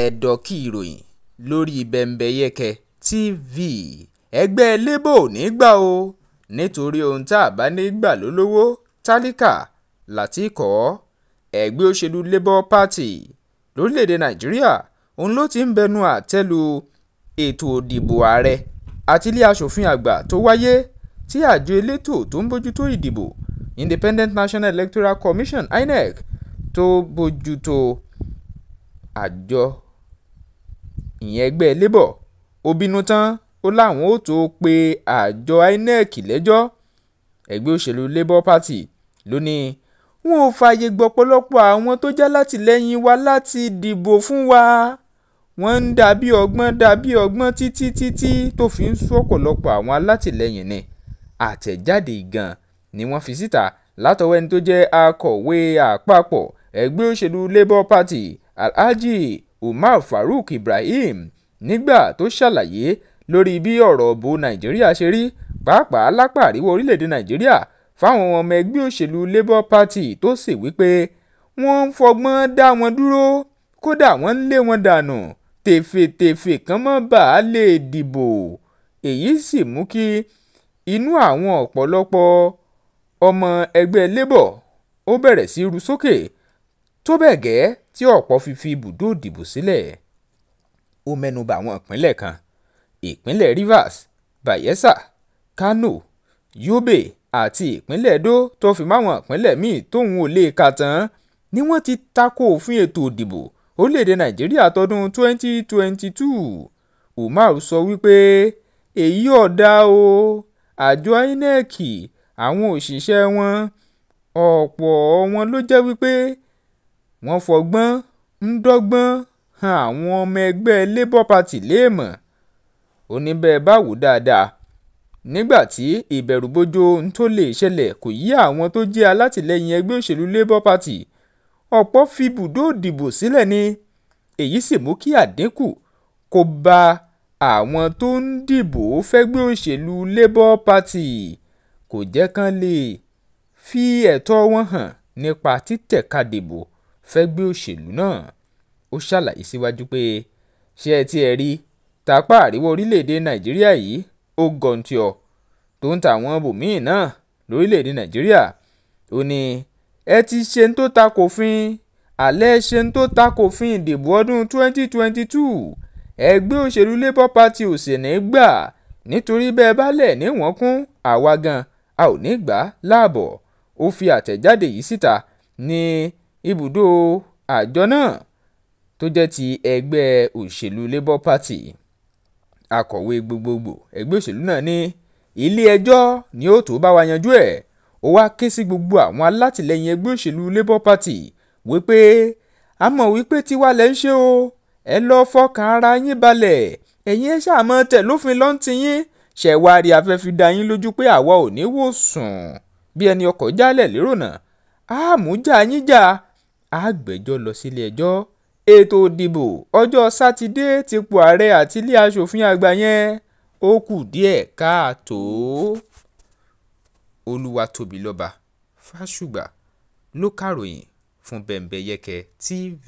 ẹ̀dọ̀kì ìròyìn lórí bẹ́ńbẹ́yẹ́kẹ́ tv ẹgbẹ́ labour ò ní gbà o nítorí ohun tá a bá ní gbà ló tálíkà láti kọ́ ẹgbẹ́ òṣèlú labour party lórílẹ̀‐èdè nàìjíríà òun ló ti ń bẹnu àtẹ́lu ètò ìdìbò ààrẹ àti ilé asòfin àgbà tó wáyé tí àjọ elétò tó ń bójútó ìdìbò Independent National Electoral Commission INEC tó bójútó àjọ ìyẹn ẹgbẹ́ labour ò bínú tán ó láwọn ó tóó pe àjọ inec lẹ́jọ́ ẹgbẹ́ òṣèlú labour party ló ní wọn ò fààyè gbọ́pọ̀lọpọ̀ àwọn tó já látìlẹ́yìn wa láti dìbò fún wa wọ́n ń dàbí ọgbọ́n dàbí ọgbọ́n títí títí tó fi ń sún ọ̀pọ̀lọpọ̀ àwọn alátìlẹ́yìn ni àtẹ̀jáde gan ni wọ́n fi síta látọwọ́ ẹni tó jẹ́ akọ̀wé àpapọ̀ ẹgbẹ́ òṣèlú labour party alhaji umar farouk ibrahim nígbà tó ṣàlàyé lórí bí ọ̀rọ̀ òbò nàìjíríà ṣe rí pàápàá lápá àríwá orílẹ̀-èdè nàìjíríà fáwọn ọmọ ẹgbẹ́ òṣèlú labour party tó sì wípé wọ́n ń fọgbọ́n dá wọn dúró kódà wọ́n ń lé wọn dànù tèfètèfè kan mọ́ bá a lè dìbò èyí sì mú kí inú àwọn ọ̀pọ̀lọpọ̀ ọmọ ẹgbẹ́ labour ó bẹ̀rẹ̀ sí ru sókè tó bẹ́ẹ̀ gẹ́ tí ọ̀pọ̀ fi fi ibùdó ìdìbò sílẹ̀ ó mẹ́nuba àwọn ìpínlẹ̀ kan ìpínlẹ̀ Rivers Bayelsa Kano Yobe àti ìpínlẹ̀ Edo tó fi máwọn ìpínlẹ̀ míì tóun ò lè ka tán ni wọ́n ti tako òfin ètò ìdìbò orílẹ̀-èdè Nàìjíríà tọdún 2022 Umar sọ wípé èyí ọ̀dà o àjọ INEC àwọn òṣìṣẹ́ wọn ọ̀pọ̀ wọn ló jẹ́ wípé wọ́n fọgbọ́n ń dọ́gbọ́n han àwọn ọmọ ẹgbẹ́ labour party léèmọ̀ ó ní bẹ́ẹ̀ bá wò dáadáa nígbà tí ìbẹ̀rùbojo ń tó lè ṣẹlẹ̀ kò yí àwọn tó jẹ́ alátìlẹyìn ẹgbẹ́ òṣèlú labour party ọ̀pọ̀ fi bùdó ìdìbò sílẹ̀ ni èyí sì mú kí àdínkù kó bá àwọn tó ń dìbò fẹ́gbẹ́ òṣèlú labour party kò jẹ́ kán lè fi ẹ̀tọ́ wọn hàn nípa títẹ̀ka dìbò fẹ́gbẹ́ òṣèlú náà ó ṣàlàyé síwájú pé ṣé ẹ tiẹ̀ rí tàpá àríwá orílẹ̀-èdè nàìjíríà yìí ó gọ̀ǹtìọ̀ tó ń ta àwọn bòmíì náà lórílẹ̀-èdè nàìjíríà ó ní ẹ ti ṣe ń tó takò fin àlẹ́ ṣe ń tó takò fin ìdìbò ọdún 2022 ẹgbẹ́ òṣèlú labour party ò sì ní gbà nítorí bẹ́ẹ̀ bá lẹ̀ níwọ̀n kún àwa gan a ò ní gbà láàbọ̀ ó fi àtẹ̀jáde yìí síta ní ibùdó àjọ náà tó jẹ́ ti ẹgbẹ́ òṣèlú labour party akọ̀wé gbogboògbò ẹgbẹ́ òṣèlú náà ní ilé-ẹjọ́ ni ó tóó bá wa yanjú ẹ̀ ó wáá ké sí gbogbo àwọn alátìlẹyìn ẹgbẹ́ òṣèlú labour party wípé a mọ̀ wípé tiwa lẹ̀ ń ṣe o ẹ lọ́ọ́ fọkàn ara yín balẹ̀ ẹ̀yin ẹ̀ ṣáà máa tẹ̀ lófin lọ́ǹtì yín ṣẹ̀wárí afẹ́fí dá yín lójú pé àwa ò ní wò sùn bí ẹni ọkọ̀ jálẹ̀ lérò náà àmújà yín jà á gbẹ́jọ́ lọ sílé-ẹjọ́ ètò ìdìbò ọjọ́ sátidé tipò ààrẹ àti ilé asòfin àgbà yẹn ó kù díẹ̀ káàtó olùwàtòbílọ́ba fásùgbà ló kàròyìn fún bẹ́ńbẹ́yẹ́kẹ́ tv